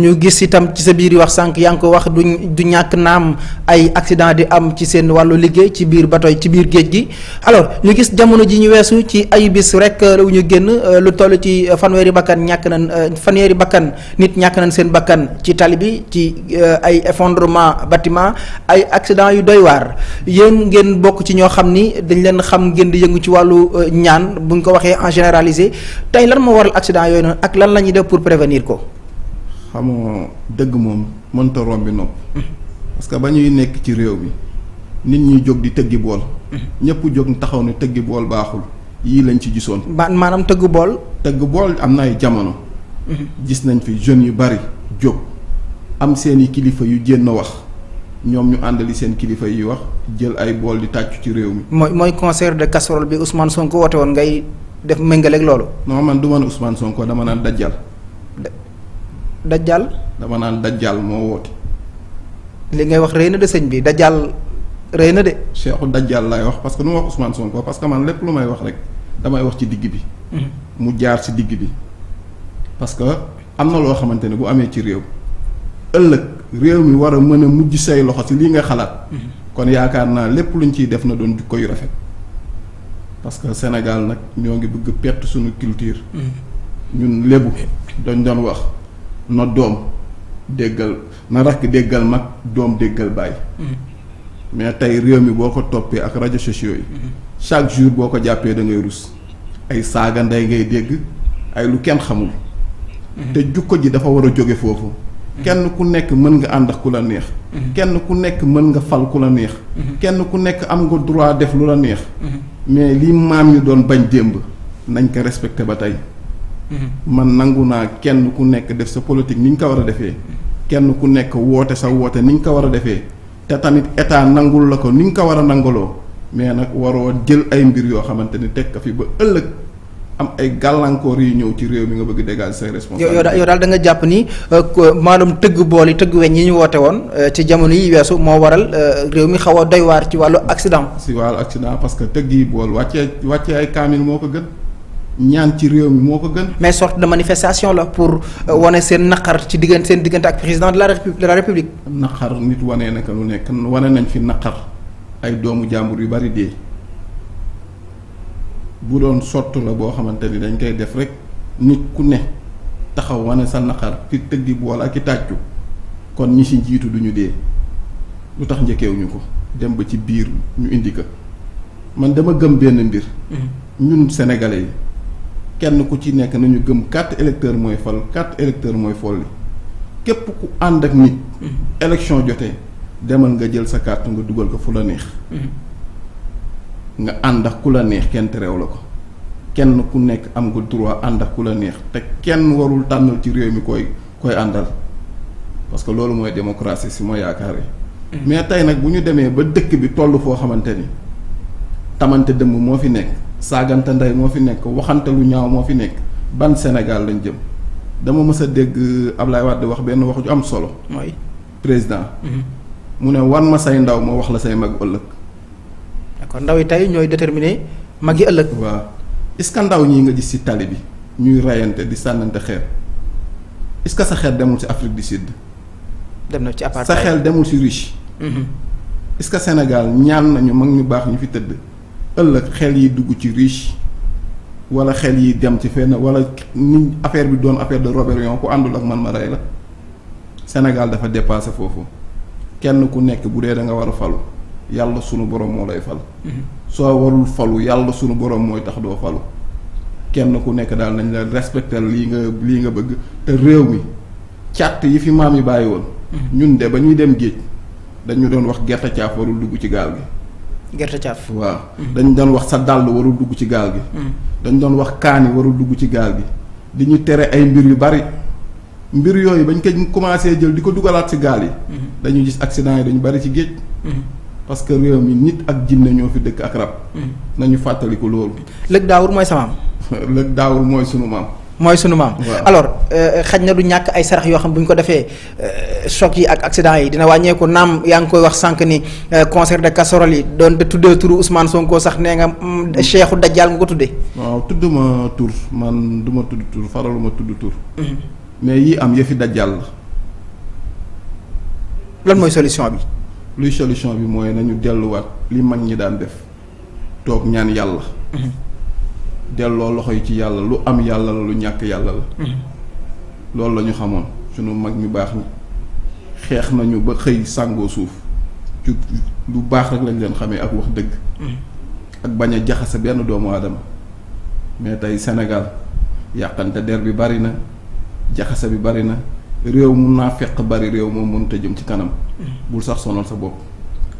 ñu gis itam ci sa biir wax sànq yaa ngi ko wax du du ñàkk naam ay accident di am ci seen wàllu liggéey ci biir bateau ci biir géej gi alors ñu gis jamono ji ñu weesu ci ay bis rek lu euh, ñu génn euh, lu toll ci euh, fanweeri bakkan ñàkk nañ fanweeri bakkan nit ñàkk nañ seen bakkan ci tali bi ci ay effondrement batiment ay accident yu doy waar yéen ngeen bokk ci ñoo xam ni dañ leen xam ngeen di yëngu ci wàllu ñaan bu ñu ko waxee en généralisé tey lan moo waral accident yooyu noonu ak lan la ñuy def pour prévenir ko. xamoo dëgg moom mënta rombi nopp parce que ba ñuy nekk ci réew mi nit ñi jóg di tëggi bool ñëpp jóg taxaw ne tëggi bool baaxul yii lañ ci gisoon ba maanaam tëgg bool tëgg bool am na ay jamono gis nañ fi jeunes yu bari jóg am seeni kilifa yu jénn wax ñoom ñu àndali seen kilifa yi wax jël ay bool di tàccu ci réew mi mooy mooy concert de bi Ousmane Sonko woote woon ngay def méngaleeg loolu non man du man Ousmane sonkoo dama naan dajjal dajjal dama naan dajjal moo woote. li ngay wax rëy na de sëñ bi dajjal rëy na de. Cheikhu dajjal laay wax parce que nu ma wax Ousmane Sonko parce que man lépp lu may wax rek damay wax ci digg bi. Mhm. mu jaar ci digg bi. parce que am na loo xamante ne bu amee ci réew. ëllëg réew mi war a mën a mujj say loxo ci lii nga xalaat. Mhm. kon yaakaar naa lépp luñ ciy def na doon jikko yu rafet. parce que Sénégal nag ñoo ngi bëgg perte suñu culture. Mhm. ñun lébu dañ doon wax. na doom déggal na rakk déggal mag doom déggal bàyyi. Mm-hmm. mais tey réew mi boo ko toppee ak rajo sociaux yi. Mm-hmm. chaque jour boo ko jàppee dangay ngay rus ay saaga ndey ngay dégg ay lu kenn xamul. Mm-hmm. te jukko ji dafa war a jóge foofu. kenn ku nekk mën nga ànd ak ku la neex. kenn ku nekk mën nga fal ku la neex. kenn ku nekk am nga droit def lu la neex. mais li maam ñu doon bañ démb nañ ko respecté ba tey. Mm-hmm. man nangu naa kenn ku nekk def sa politique ni ñu ko war a defee mm-hmm. kenn ku nekk woote sa woote ni ñu ko war a defee te tamit état nangul la ko ni ñu ko war a nangaloo mais nag waroo jël ay mbir yoo xamante ni teg ko fi ba ëllëg am ay gàllankoor yu ñëw ci réew mi nga bëgg dégager say responsabilité yow daal da jàpp ni euh, maanaam tëgg bool yi tëgg weñ yi ñu woote woon euh, ci jamono yi weesu moo waral euh, réew mi xaw a doy waar ci wàllu accident. si wàllu accident parce que tëgg yi bool wàccee wàccee ay kaamil moo ko gën. ñaan ci réew mi moo ko gën. mais sorte de manifestation la pour euh, wane seen naqar ci diggante seen diggante ak président de la de la république. naqar nit wane na lu nekk wane nañ fi naqar ay doomu jàmbur yu bari dee bu doon sott la boo xamante ni dañ koy def rek nit ku ne taxaw wane sa naqar ci tëggi bool ak i tàccu kon ñi si jiitu duñu dee lu tax njëkkewuñu ko dem ba ci biir ñu indi ko man dama gëm benn mbir. Mm-hmm. ñun sénégalais yi. kenn ku ci nekk nañu gëm quatre électeurs mooy fal quatre électeurs mooy folli képp ku ànd ak nit. Mm-hmm. élection jotee demal nga jël sa carte nga dugal ko fu la neex. Mm-hmm. nga ànd ak ku la neex kenn terew la ko kenn ku nekk am nga droit ànd ak ku la neex te kenn warul tànnal ci réew mi koy koy àndal parce que loolu mooy démocratie si ma yaakaare. Mm-hmm. mais tey nag bu ñu demee ba dëkk bi toll foo xamante ni tamante dëmm moo fi nekk. saagante ndey moo fi nekk waxante lu ñaaw moo fi nekk ban Sénégal lañ jëm dama mës a dégg Ablaye Wade wax benn wax ju am solo. mooy président. Mhm. mu ne wan ma say ndaw ma wax la say mag ëllëg. ndaw yi tey ñooy déterminer mag yi ëllëg. waaw est ndaw ñii nga gis ci tali bi ñuy reyante di sànnante xeer est-ce que sa xel demul ci Afrique du Sud. dem na ci apartheid sa xel demul ci riche. Mhm. est-ce que Sénégal ñaan nañu mag ñu baax ñu fi tëdd. ëllëg xel yi dugg ci riche wala xel yi dem ci fenn wala ni affaire bi doon affaire de rébellion ku àndul ak man ma rey la Sénégal dafa dépasé foofu kenn ku nekk bu dee da nga war a falu yàlla sunu borom moo lay fal. Mhm. soo warul falu yàlla sunu borom mooy tax doo falu kenn ku nekk daal nañ la respecter lii nga lii nga bëgg te réew mi càtt yi fi maam yi bàyyi woon. Mhm. ñun de ba ñuy dem géej dañu doon wax gerte caaf warul dugg ci gaal bi gerte caaf. waaw dañ doon wax sa dàll warul dugg ci gaal gi. Mm. dañ doon wax kaani warul dugg ci gaal gi. di ñu tere ay mbir yu bari mbir yooyu bañ ko commencé jël di ko dugalaat ci gaal yi. Mm-hmm. dañu gis accident yi dañu bari ci géej. Mm-hmm. parce que réew mi nit ak jinne ñoo fi dëkk ak rab. Mm-hmm. nañu fàttaliku loolu. lëg daawur mooy sa maam. lëg daawur mooy sunu maam. mooy sunu maam. alors euh, xaj na du ñàkk ay sarax yoo xam bu ñu ko defee euh, choc yi ak accident yi dina wàññeeku naam yaa ngi koy wax sànq ni euh, concert de casserole yi doon de tuddee turu Ousmane Sonko sax nee nga mm, mm. Cheikhu Dajjal nga ko tuddee. waaw ma tur man du ma tudd tur faralu ma tudd tur. Mm-hmm. mais yii am yëfi Dajjal la. lan mooy solution bi. luy solution bi mooy nañu delluwaat li mag ñi daan def toog ñaan yàlla. Mm-hmm. delloo loxo yi ci yàlla lu am yàlla lu ñàkk yàlla la mhm. loolu la ñu xamoon sunu mag ñu baax ñi xeex nañu ba xëy sàngoo suuf ju lu baax rek lañ leen xame ak wax dëgg mhm. ak bañ a jaxase benn doomu aadama mais tey senegal yàqante der bi bari na jaxase bi bari na réew mun naa feq bari réew moom mënut jëm ci kanam mhm. bul sax sonal sa bopp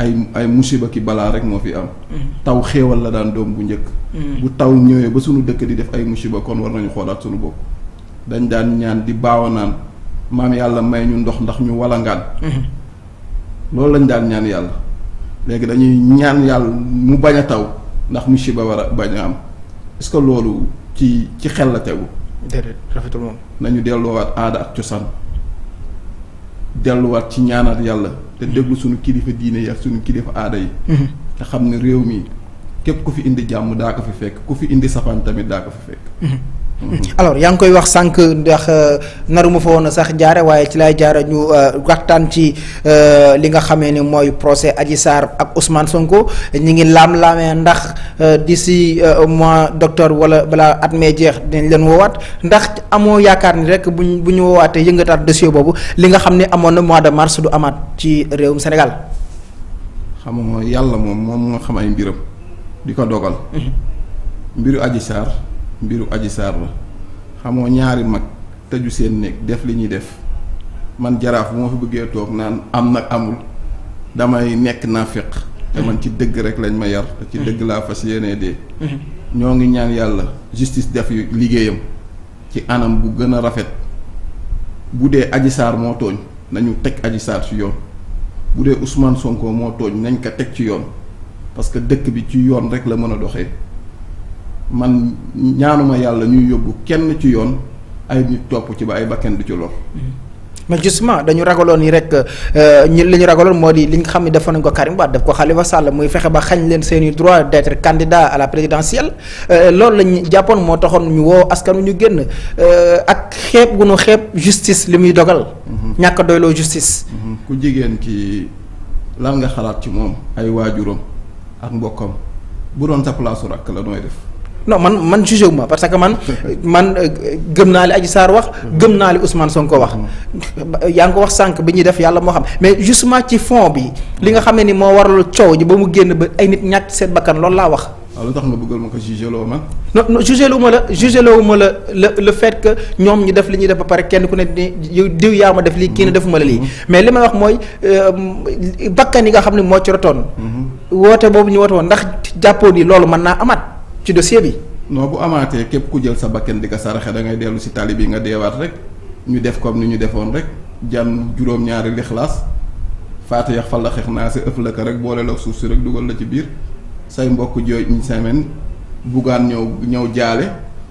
ay ay musiba ki balaa rek moo fi am. Mm-hmm. taw xéewal la daan doom bu njëkk. Mm-hmm. bu taw ñëwee ba suñu dëkk di def ay musiba kon war nañu xoolaat suñu bopp. dañ daan ñaan di baaw a naan maam yàlla may ñu ndox ndax ñu walangaan. Mm-hmm. loolu lañ daan ñaan yàlla. léegi dañuy ñaan yàlla mu bañ a taw ndax musiba war a bañ a am est loolu ci ci xel la tegu. déedéet rafetul moom. nañu delluwaat aada ak cosaan delluwaat ci ñaanaat yàlla. te déglu suñu kilifa diine yi ak suñu kilifa aada yi mm-hmm. te xam ne réew mi képp ku fi indi jàmm daa ko fi fekk ku fi indi safaan tamit daa ko fi fekk mm-hmm. alors yaa ngi koy wax sànq ndax euh, naruma fa woon a sax jaare waaye ci lay jaare ñu euh, waxtaan ci euh, li nga xamee ni mooy procès Adji saar ak Ousmane Sonko ñi ngi laam-laamee ndax di d'ici mois docteur wala balaa at mee jeex dañ leen woowaat ndax amoo yaakaar ni rek buñ bu ñu woowaatee yëngataat dossier boobu li nga xam ne amoon na mois de mars du amaat ci réewum Sénégal xam nga yàlla moom moom moo xam ay mbiram di ko dogal mhm. mbiru Adji Sarr mbiru Adji Sarr la xamoo ñaari mag tëju seen néeg def li ñuy def man jaraaf bu ma fi bëggee toog naan am nag amul damay nekk naa féq te man ci dëgg rek lañ ma yar te ci mm-hmm. dëgg laa fas yéenee dee mm-hmm. ñoo ngi ñaan yàlla justice def liggéeyam ci anam bu gën a rafet bu dee Adji Sarr moo tooñ nañu teg Adji Sarr ci yoon bu dee Ousmane Sonko moo tooñ nañ ko teg ci yoon parce que dëkk bi ci yoon rek la mën a doxee man ñaanuma yàlla ñuy yóbbu kenn ci yoon ay nit topp ci ba ay bakken du ci lor. mais justement dañu ragaloon ni rek euh, ñi li ñu ragaloon moo di li nga xam ne defoon nañ ko Karim Wade def ko Khalifa Sall muy fexe ba xañ leen seeni i droit d' être a à la présidentielle euh, loolu lañu jàppoon moo taxoon ñu woo askan wi ñu génn euh, ak xeeb gu ñu xeeb justice li muy dogal. Mhm. ñàkk doyloo justice. Mhm. ku jigéen ki lan nga xalaat ci moom ay waajuram ak mbokkam bu doon sa place non man man jugé wu ma parce que man man euh, gëm naa li Adji Sarr wax gëm naa li Ousmane Sonko wax yaa ngi ko wax sànq bi ñuy def yàlla moo xam mais justement ci fond bi li nga xam ni moo waral coow ji ba mu génn ba ay nit ñàkk seen bakkan loolu laa wax waaw ah, lu tax nga bëggal ma ko jugé loo ma non non jugé ma la jugé loo ma ñoom ñu def li ñuy def ba pare kenn ku ne ni diw yaa ma def lii kii ne mhm. la lii mhm. mais li may wax mooy euh, bakkan yi nga xam ne moo ci mhm. woote boobu ñu woote woon ndax jàppoon yi loolu mën naa amat ci dossier bi. non bu amaatee képp ku jël sa bakken di ko saraxe da ngay dellu si tali bi nga deewaat rek ñu def comme ni ñu defoon rek jàmm juróom-ñaari lixlaas faate yax fa la xeex naa si ëf la rek boole la suuf si rek dugal la ci biir say mbokk jooy une semaine bugaan ñëw ñëw jaale.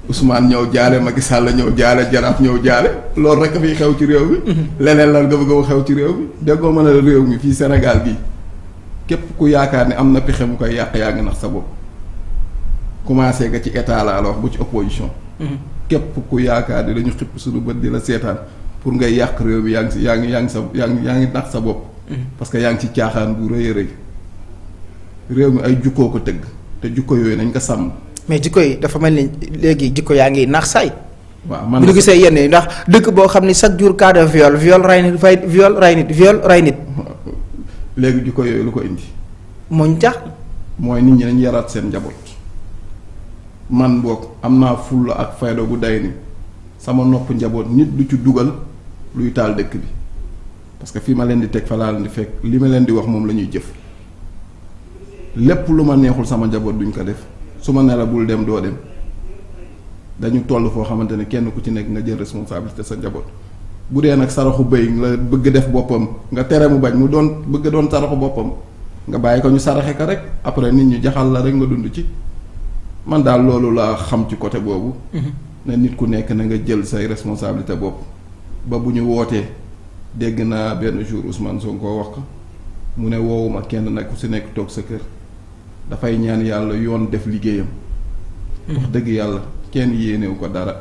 Ousmane ñëw jaale Macky Sall ñëw jaale Jaraaf ñëw jaale loolu rek a xew ci réew mi. Mm-hmm. leneen lan nga bëgg xew ci réew mi. déggoo mën a réew mi fii Sénégal gii képp ku yaakaar ne am na pexe mu koy yàq yaa nax sa bopp. commencé nga ci état laa la wax bu ci opposition. Mhm. képp ku yaakaar ne dañu xipp suñu bët di la seetaan pour ngay yàq réew bi yaa ngi yaa ngi yaa ngi sa yaa ngi yaa ngi nax sa bopp. Mhm. parce que yaa ngi ci caaxaan bu rëy a rëy mi ay jukkoo ko tëgg te jukko yooyu nañ ko sàmm. mais jikko yi dafa mel ni léegi jikko yaa ngi naax saay. waaw man bu gisee yenn yi ndax dëkk boo xam ni chaque jour cas de viol viol rey nit fay viol rey nit viol rey léegi jikko yooyu lu ko indi. mooñ jax mooy nit ñi dañ yaraat seen njaboot. man boog am naa fulla ak fayda gu day nii sama nopp njaboot nit du ci dugal luy taal dëkk bi parce que fii ma leen di teg fa laa leen di fekk li ma leen di wax moom la ñuy jëf lépp lu ma neexul sama njaboot duñ ko def su ma ne bul dem doo dem dañu toll foo xamante ne kenn ku ci nekk nga jël responsabilité sa njaboot bu dee nag saraxu bëy la bëgg def boppam nga tere mu bañ mu doon bëgg doon saraxu boppam nga bàyyi ko ñu saraxe ko rek après nit ñu jaxal la rek nga dund ci man daal loolu laa xam ci côté boobu. Mhm. na nit ku nekk na nga jël say responsabilité bopp. ba bu ñu wootee dégg naa benn jour soo ko wax mu ne woowuma kenn nag ku si nekk toog sa kër dafay ñaan yàlla yoon def liggéeyam. Mhm. wax dëgg yàlla kenn yéenewu ko dara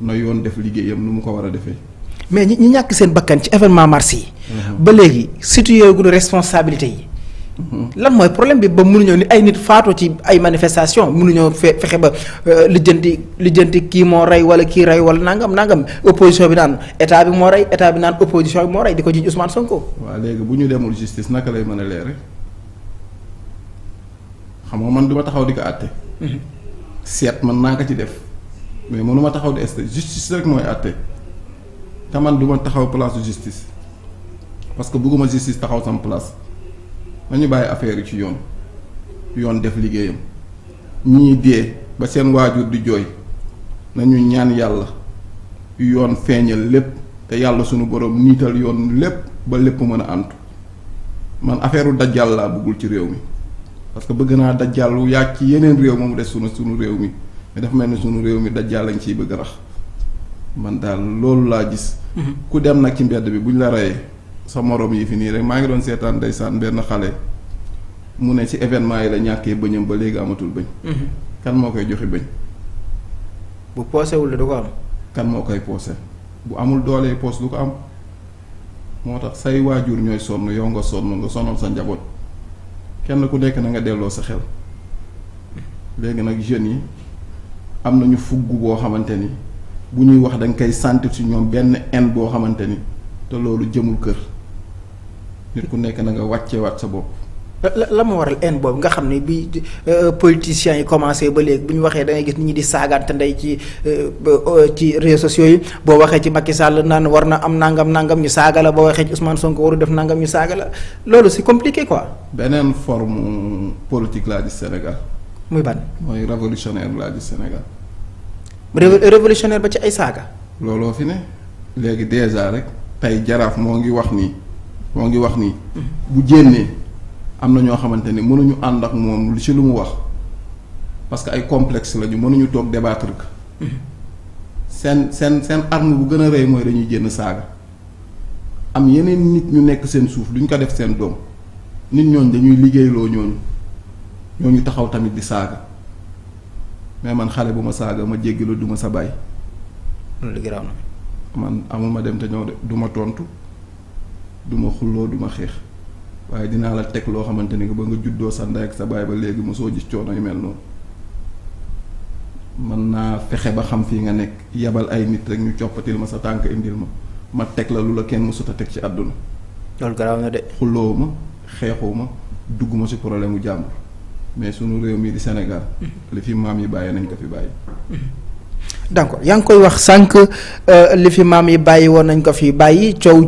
na yoon def liggéeyam nu mu ko war a defee. mais ñi ñàkk seen bakkan ci événement mars yi. Mhm. ba léegi situé gu responsabilité yi. lan mooy problème bi ba mënuñoo ni ay nit faatu ci ay manifestation mënuñoo fe fexe ba euh, lijjanti lijjanti kii moo rey wala kii rey wala nangam nangam opposition bi naan état bi moo rey état bi naan opposition bi moo rey di ko jiiñ Ousmane Sonko. waaw léegi bu ñu demul justice naka lay mën a leere xam nga man duma taxaw di ko àtte. Mhm. seet man naa ko ci def mais mënu taxaw di est justice rek mooy àtte te man du ma taxaw place justice parce que bëgguma justice taxaw sama place. nañu bàyyi affaire yi ci yoon yoon def liggéeyam ñii dee ba seen waajur di jooy nañu ñaan yàlla yoon feeñal lépp te yàlla sunu borom niital yoon lépp ba lépp mën a antu man affaire u dajjal laa bëggul ci réew mi parce que bëgg naa dajjal wu yàgg ci yeneen réew moom des sunu sunu réew mi mais dafa mel ni sunu réew mi dajjal lañ ciy bëgg rax man daal loolu laa gis. Mm-hmm. ku dem nag ci mbedd bi buñ la reyee. sa morom yi fi nii rek maa ngi doon seetaan ndeysaan benn xale mu ne ci événement yi la ñàkkee bëñam ba léegi amatul bëñ. Mhm. kan moo koy joxe bëñ. bu poosewul la du ko am. kan moo koy poose bu amul doolee poos du ko am moo tax say waajur ñooy sonn yow nga sonn nga sonal sa njaboot kenn ku nekk na nga delloo sa xel léegi nag jeunes yi am nañu fugg boo xamante ni bu ñuy wax danga koy sentir ci ñoom benn haine boo xamante ni te loolu jëmul kër. nit ku nekk na nga wàcceewaat sa bopp. la la ma waral haine boobu nga xam ni bi euh, politiciens yi commencé ba léegi bu ñu waxee da gis nit ñi di saagaante ndey ci euh, euh, ci réseaux sociaux yi boo waxee ci Macky Sall naan war na am nangam nangam ñu saaga la boo waxee ci Ousmane Sonko waru def nangam ñu saaga la loolu c'est compliqué quoi. beneen forme politique laa di Sénégal. muy ban mooy révolutionnaire laa di Sénégal. révolutionnaire ba ci ay saaga. looloo fi ne léegi déjà rek tey moo ngi wax nii. moo ngi wax nii bu jénnee am na ñoo xamante ni mënuñu ànd ak moom lu ci lu mu wax parce que ay complexe la ñu mënuñu toog débattre ko seen seen seen arme bu gën a rey mooy dañuy jénn saaga am yeneen nit ñu nekk seen suuf duñ ko def seen doom nit ñooñ dañuy liggéeyloo ñooñu ñooñu taxaw tamit di saaga mais man xale bu ma saaga ma jéggi la du sa bàyyi loolu garaaw man amul ma dem te ñëw de du ma tontu du ma xulloo du ma xeex waaye dinaa la teg loo xamante ni ba nga juddoo sa ndey ak sa baay ba léegi mosoo gis coono yu mel noonu mën naa fexe ba xam fii nga nekk yebal ay nit rek ñu coppatil ma sa tànk indil ma ma teg la lu la kenn mosut a teg ci àdduna. loolu garaaw na de. ma xeexoo ma dugg ma si problème mu jàmbur mais sunu réew mii di Sénégal. Mm-hmm. li fi maam yi bàyyi nañ ko fi bàyyi. Mm-hmm. d'accord yaa ngi koy wax sànq euh, li fi maam yi bàyyi woon nañ ko fi bàyyi coow.